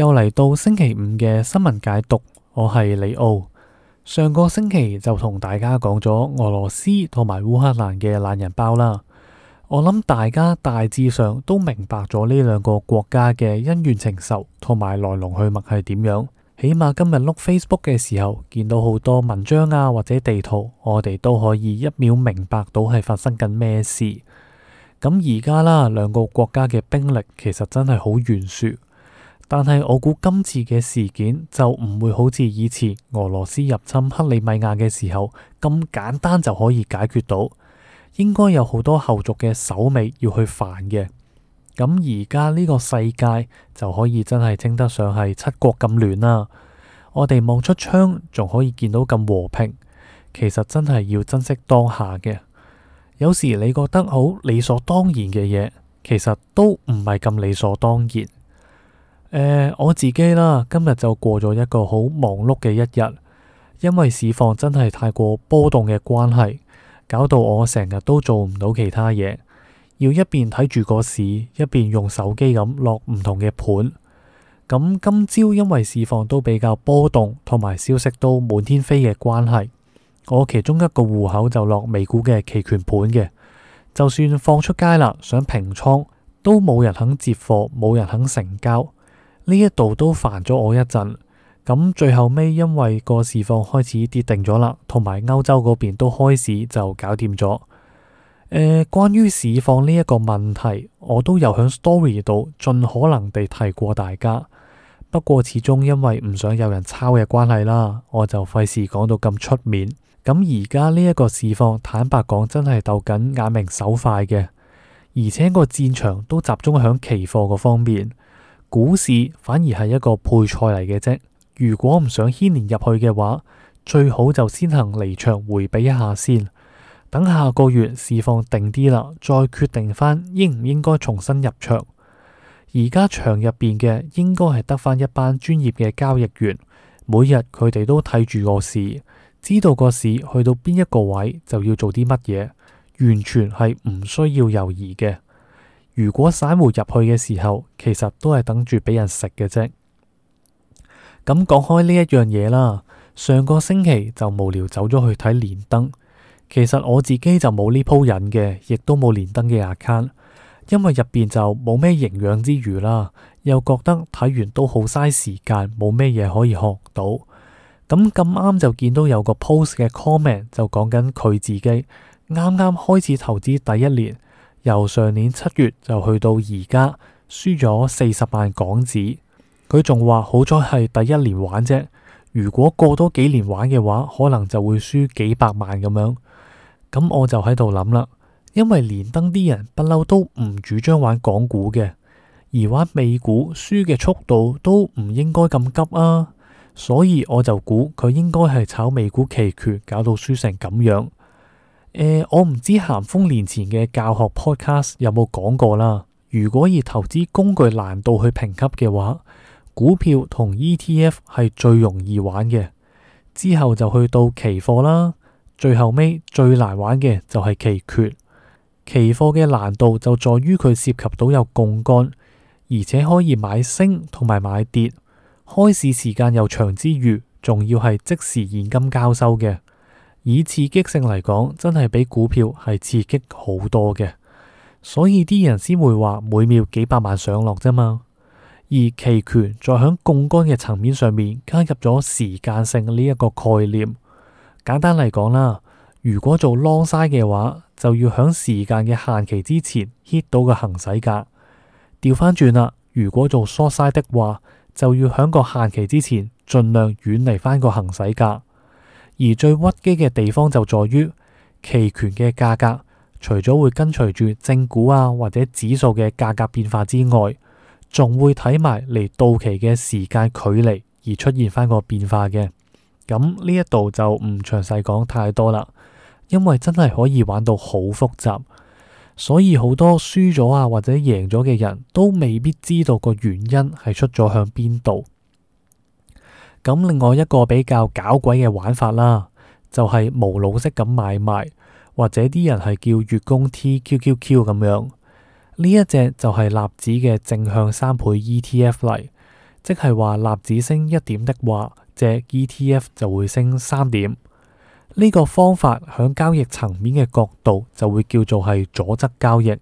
又嚟到星期五嘅新聞解讀，我係李奧。上個星期就同大家講咗俄羅斯同埋烏克蘭嘅懶人包啦。我諗大家大致上都明白咗呢兩個國家嘅恩怨情仇同埋來龍去脈係點樣。起碼今日碌 Facebook 嘅時候，見到好多文章啊或者地圖，我哋都可以一秒明白到係發生緊咩事。咁而家啦，兩個國家嘅兵力其實真係好懸殊。但係我估今次嘅事件就唔會好似以前俄羅斯入侵克里米亞嘅時候咁簡單就可以解決到應該有好多後續嘅手尾要去煩嘅。咁而家呢個世界就可以真係稱得上係七國咁亂啦。我哋望出窗仲可以見到咁和平，其實真係要珍惜當下嘅。有時你覺得好理所當然嘅嘢，其實都唔係咁理所當然。誒，我自己啦，今日就過咗一個好忙碌嘅一日，因為市況真係太過波動嘅關係，搞到我成日都做唔到其他嘢，要一邊睇住個市，一邊用手機咁落唔同嘅盤。咁、嗯、今朝因為市況都比較波動，同埋消息都滿天飛嘅關係，我其中一個戶口就落美股嘅期權盤嘅，就算放出街啦，想平倉都冇人肯接貨，冇人肯成交。呢一度都煩咗我一陣，咁最後尾因為個市況開始跌定咗啦，同埋歐洲嗰邊都開始就搞掂咗。誒、呃，關於市況呢一個問題，我都有喺 story 度盡可能地提過大家。不過始終因為唔想有人抄嘅關係啦，我就費事講到咁出面。咁而家呢一個市況，坦白講真係鬥緊眼明手快嘅，而且個戰場都集中喺期貨個方面。股市反而係一個配菜嚟嘅啫，如果唔想牽連入去嘅話，最好就先行離場回避一下先，等下個月市況定啲啦，再決定翻應唔應該重新入場。而家場入邊嘅應該係得翻一班專業嘅交易員，每日佢哋都睇住個市，知道個市去到邊一個位就要做啲乜嘢，完全係唔需要猶豫嘅。如果散戶入去嘅時候，其實都係等住俾人食嘅啫。咁、嗯、講開呢一樣嘢啦，上個星期就無聊走咗去睇連登，其實我自己就冇呢鋪癮嘅，亦都冇連登嘅 account，因為入邊就冇咩營養之馀啦，又覺得睇完都好嘥時間，冇咩嘢可以學到。咁咁啱就見到有個 post 嘅 comment 就講緊佢自己啱啱開始投資第一年。由上年七月就去到而家，輸咗四十萬港紙。佢仲話好彩係第一年玩啫，如果過多幾年玩嘅話，可能就會輸幾百萬咁樣。咁我就喺度諗啦，因為連登啲人不嬲都唔主張玩港股嘅，而玩美股輸嘅速度都唔應該咁急啊。所以我就估，佢應該係炒美股期權，搞到輸成咁樣。我唔知咸豐年前嘅教學 podcast 有冇講過啦。如果以投資工具難度去評級嘅話，股票同 ETF 係最容易玩嘅，之後就去到期貨啦。最後尾最難玩嘅就係期權。期貨嘅難度就在於佢涉及到有槓杆，而且可以買升同埋買跌，開市時間又長之餘，仲要係即時現金交收嘅。以刺激性嚟講，真係比股票係刺激好多嘅，所以啲人先會話每秒幾百萬上落啫嘛。而期權在響槓桿嘅層面上面加入咗時間性呢一個概念。簡單嚟講啦，如果做 long side 嘅話，就要響時間嘅限期之前 hit 到個行使價；調翻轉啦，如果做 short side 的話，就要響個限期之前盡量遠離翻個行使價。而最屈機嘅地方就在於，期權嘅價格除咗會跟隨住正股啊或者指數嘅價格變化之外，仲會睇埋離到期嘅時間距離而出現翻個變化嘅。咁呢一度就唔詳細講太多啦，因為真係可以玩到好複雜，所以好多輸咗啊或者贏咗嘅人都未必知道個原因係出咗向邊度。咁另外一個比較搞鬼嘅玩法啦，就係、是、無腦式咁買賣，或者啲人係叫月供 TQQQ 咁樣。呢一隻就係納指嘅正向三倍 ETF 嚟，即係話納指升一點的話，隻 ETF 就會升三點。呢、這個方法響交易層面嘅角度就會叫做係左側交易，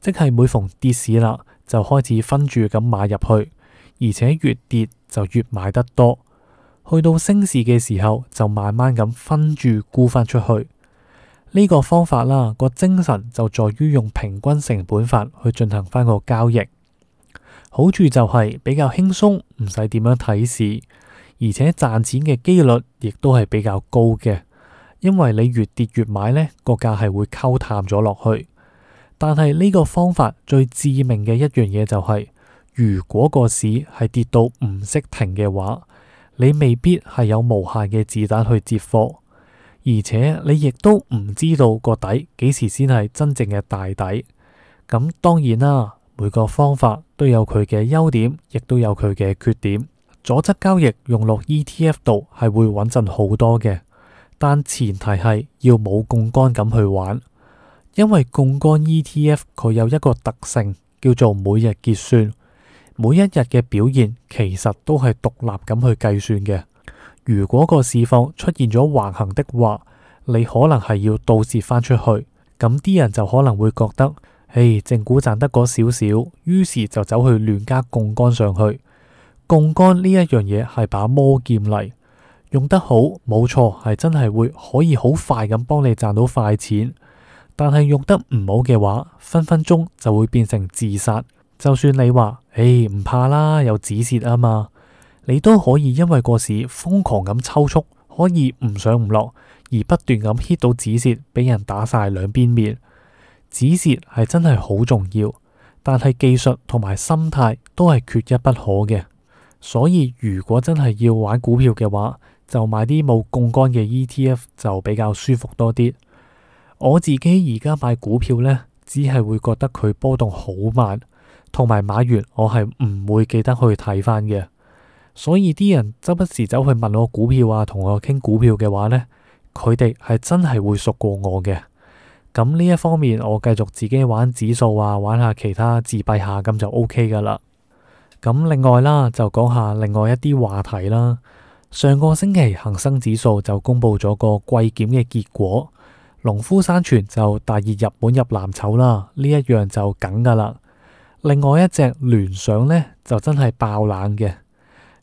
即係每逢跌市啦，就開始分住咁買入去，而且越跌就越買得多。去到升市嘅時候，就慢慢咁分住沽翻出去呢個方法啦。個精神就在於用平均成本法去進行翻個交易，好處就係比較輕鬆，唔使點樣睇市，而且賺錢嘅幾率亦都係比較高嘅。因為你越跌越買，呢個價係會溝淡咗落去。但係呢個方法最致命嘅一樣嘢就係，如果個市係跌到唔識停嘅話。你未必係有無限嘅子彈去接貨，而且你亦都唔知道個底幾時先係真正嘅大底。咁當然啦，每個方法都有佢嘅優點，亦都有佢嘅缺點。左側交易用落 ETF 度係會穩陣好多嘅，但前提係要冇槓桿咁去玩，因為槓桿 ETF 佢有一個特性叫做每日結算。每一日嘅表現其實都係獨立咁去計算嘅。如果個市況出現咗橫行的話，你可能係要倒蝕翻出去，咁啲人就可能會覺得，唉，正股賺得嗰少少，於是就走去亂加槓桿上去。槓桿呢一樣嘢係把魔劍嚟，用得好冇錯係真係會可以好快咁幫你賺到快錢，但係用得唔好嘅話，分分鐘就會變成自殺。就算你話，唉，唔怕啦，有止蝕啊嘛！你都可以因為個市瘋狂咁抽搐，可以唔上唔落，而不斷咁 hit 到止蝕，俾人打晒兩邊面。止蝕係真係好重要，但係技術同埋心態都係缺一不可嘅。所以如果真係要玩股票嘅話，就買啲冇槓杆嘅 ETF 就比較舒服多啲。我自己而家買股票呢，只係會覺得佢波動好慢。同埋買完，我係唔會記得去睇返嘅，所以啲人周不時走去問我股票啊，同我傾股票嘅話呢，佢哋係真係會熟過我嘅。咁呢一方面，我繼續自己玩指數啊，玩下其他自閉下、OK，咁就 O K 噶啦。咁另外啦，就講下另外一啲話題啦。上個星期恒生指數就公布咗個季檢嘅結果，農夫山泉就大熱，日本入藍籌啦，呢一樣就梗噶啦。另外一隻聯想呢，就真係爆冷嘅，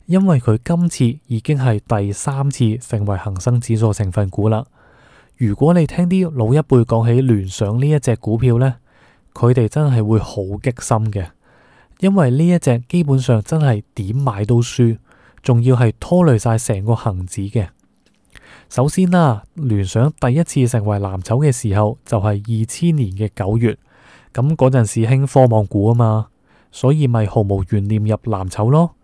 因為佢今次已經係第三次成為恒生指數成分股啦。如果你聽啲老一輩講起聯想呢一隻股票呢，佢哋真係會好激心嘅，因為呢一隻基本上真係點買都輸，仲要係拖累晒成個恒指嘅。首先啦、啊，聯想第一次成為藍籌嘅時候就係二千年嘅九月。咁嗰陣時興科網股啊嘛，所以咪毫無懸念入藍籌咯。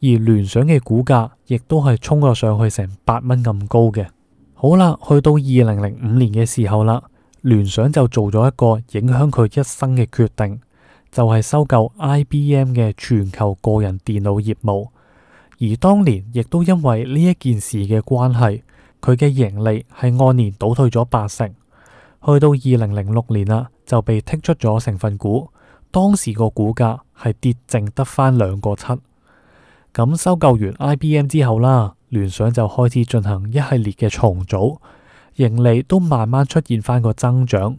而聯想嘅股價亦都係衝咗上去成八蚊咁高嘅。好啦，去到二零零五年嘅時候啦，聯想就做咗一個影響佢一生嘅決定，就係收購 IBM 嘅全球個人電腦業務。而當年亦都因為呢一件事嘅關係，佢嘅盈利係按年倒退咗八成。去到二零零六年啦。就被剔出咗成分股，當時個股價係跌剩得翻兩個七。咁收購完 IBM 之後啦，聯想就開始進行一系列嘅重組，盈利都慢慢出現翻個增長。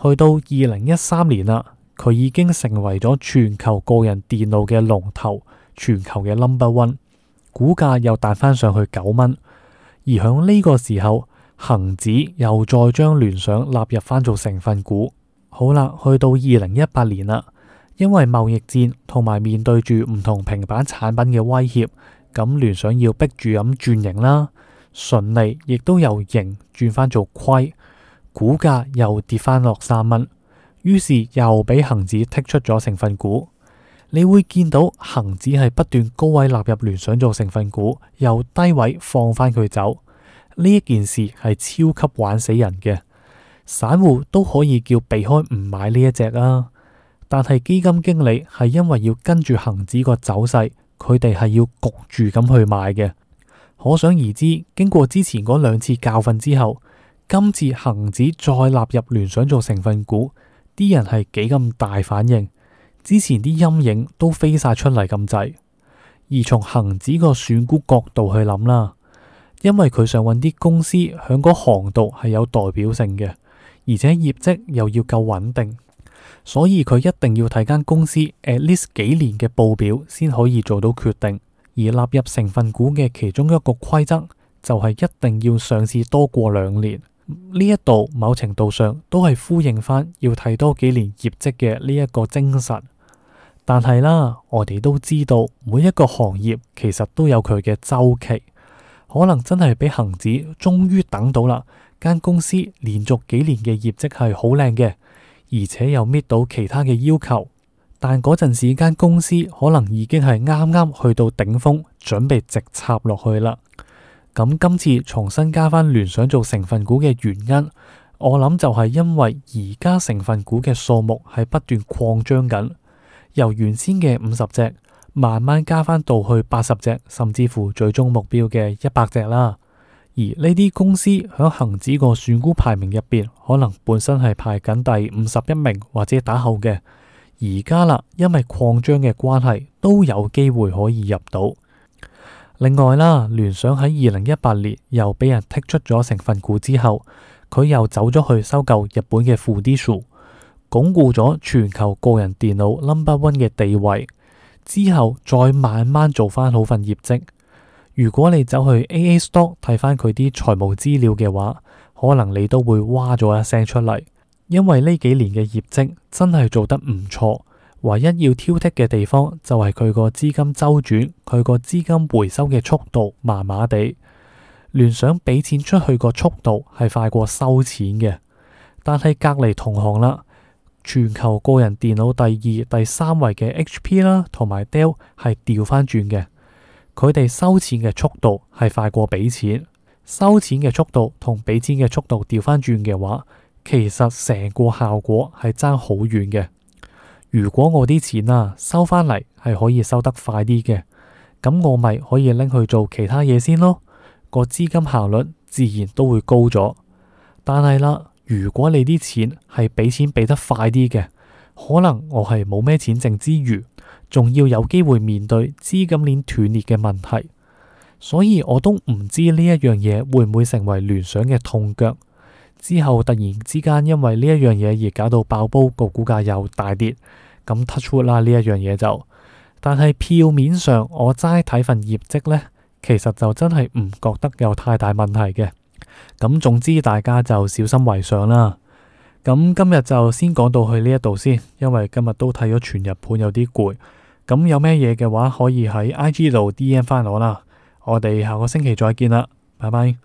去到二零一三年啦，佢已經成為咗全球個人電腦嘅龍頭，全球嘅 number one，股價又彈翻上去九蚊。而響呢個時候，恒指又再將聯想納入翻做成分股。好啦，去到二零一八年啦，因為貿易戰同埋面對住唔同平板產品嘅威脅，咁聯想要逼住咁轉型啦，順利亦都由盈轉翻做虧，股價又跌翻落三蚊，於是又俾恒指剔出咗成分股。你會見到恒指係不斷高位納入聯想做成分股，由低位放翻佢走，呢一件事係超級玩死人嘅。散戶都可以叫避開唔買呢一隻啦，啊，但係基金經理係因為要跟住恒指個走勢，佢哋係要焗住咁去買嘅。可想而知，經過之前嗰兩次教訓之後，今次恒指再納入聯想做成分股，啲人係幾咁大反應。之前啲陰影都飛晒出嚟咁滯，而從恒指個選股角度去諗啦，因為佢想搵啲公司響嗰行度係有代表性嘅。而且業績又要夠穩定，所以佢一定要睇間公司 at least 幾年嘅報表先可以做到決定。而納入成分股嘅其中一個規則就係一定要上市多過兩年。呢一度某程度上都係呼應翻要睇多幾年業績嘅呢一個精神。但係啦，我哋都知道每一個行業其實都有佢嘅周期，可能真係俾恒指終於等到啦。間公司連續幾年嘅業績係好靚嘅，而且又搣到其他嘅要求。但嗰陣時，間公司可能已經係啱啱去到頂峰，準備直插落去啦。咁今次重新加翻聯想做成分股嘅原因，我諗就係因為而家成分股嘅數目係不斷擴張緊，由原先嘅五十隻慢慢加翻到去八十隻，甚至乎最終目標嘅一百隻啦。而呢啲公司響恒指個選股排名入邊，可能本身係排緊第五十一名或者打後嘅，而家啦，因為擴張嘅關係，都有機會可以入到。另外啦，聯想喺二零一八年又俾人剔出咗成份股之後，佢又走咗去收購日本嘅富士數，鞏固咗全球個人電腦 number one 嘅地位，之後再慢慢做翻好份業績。如果你走去 AAStocks 睇翻佢啲財務資料嘅話，可能你都會哇咗一聲出嚟，因為呢幾年嘅業績真係做得唔錯，唯一要挑剔嘅地方就係佢個資金周轉、佢個資金回收嘅速度麻麻地。聯想俾錢出去個速度係快過收錢嘅，但係隔籬同行啦，全球個人電腦第二、第三位嘅 HP 啦同埋 Dell 係調翻轉嘅。佢哋收錢嘅速度係快過俾錢，收錢嘅速度同俾錢嘅速度調翻轉嘅話，其實成個效果係差好遠嘅。如果我啲錢啊收翻嚟係可以收得快啲嘅，咁我咪可以拎去做其他嘢先咯，個資金效率自然都會高咗。但係啦，如果你啲錢係俾錢俾得快啲嘅，可能我係冇咩錢剩之餘。仲要有機會面對資金鏈斷裂嘅問題，所以我都唔知呢一樣嘢會唔會成為聯想嘅痛腳。之後突然之間因為呢一樣嘢而搞到爆煲，個股價又大跌，咁 touch wood 啦，呢一樣嘢就。但係票面上我齋睇份業績呢，其實就真係唔覺得有太大問題嘅。咁總之大家就小心為上啦。咁今日就先講到去呢一度先，因為今日都睇咗全日盤有啲攰。咁有咩嘢嘅話，可以喺 IG 度 DM 返我啦。我哋下個星期再見啦，拜拜。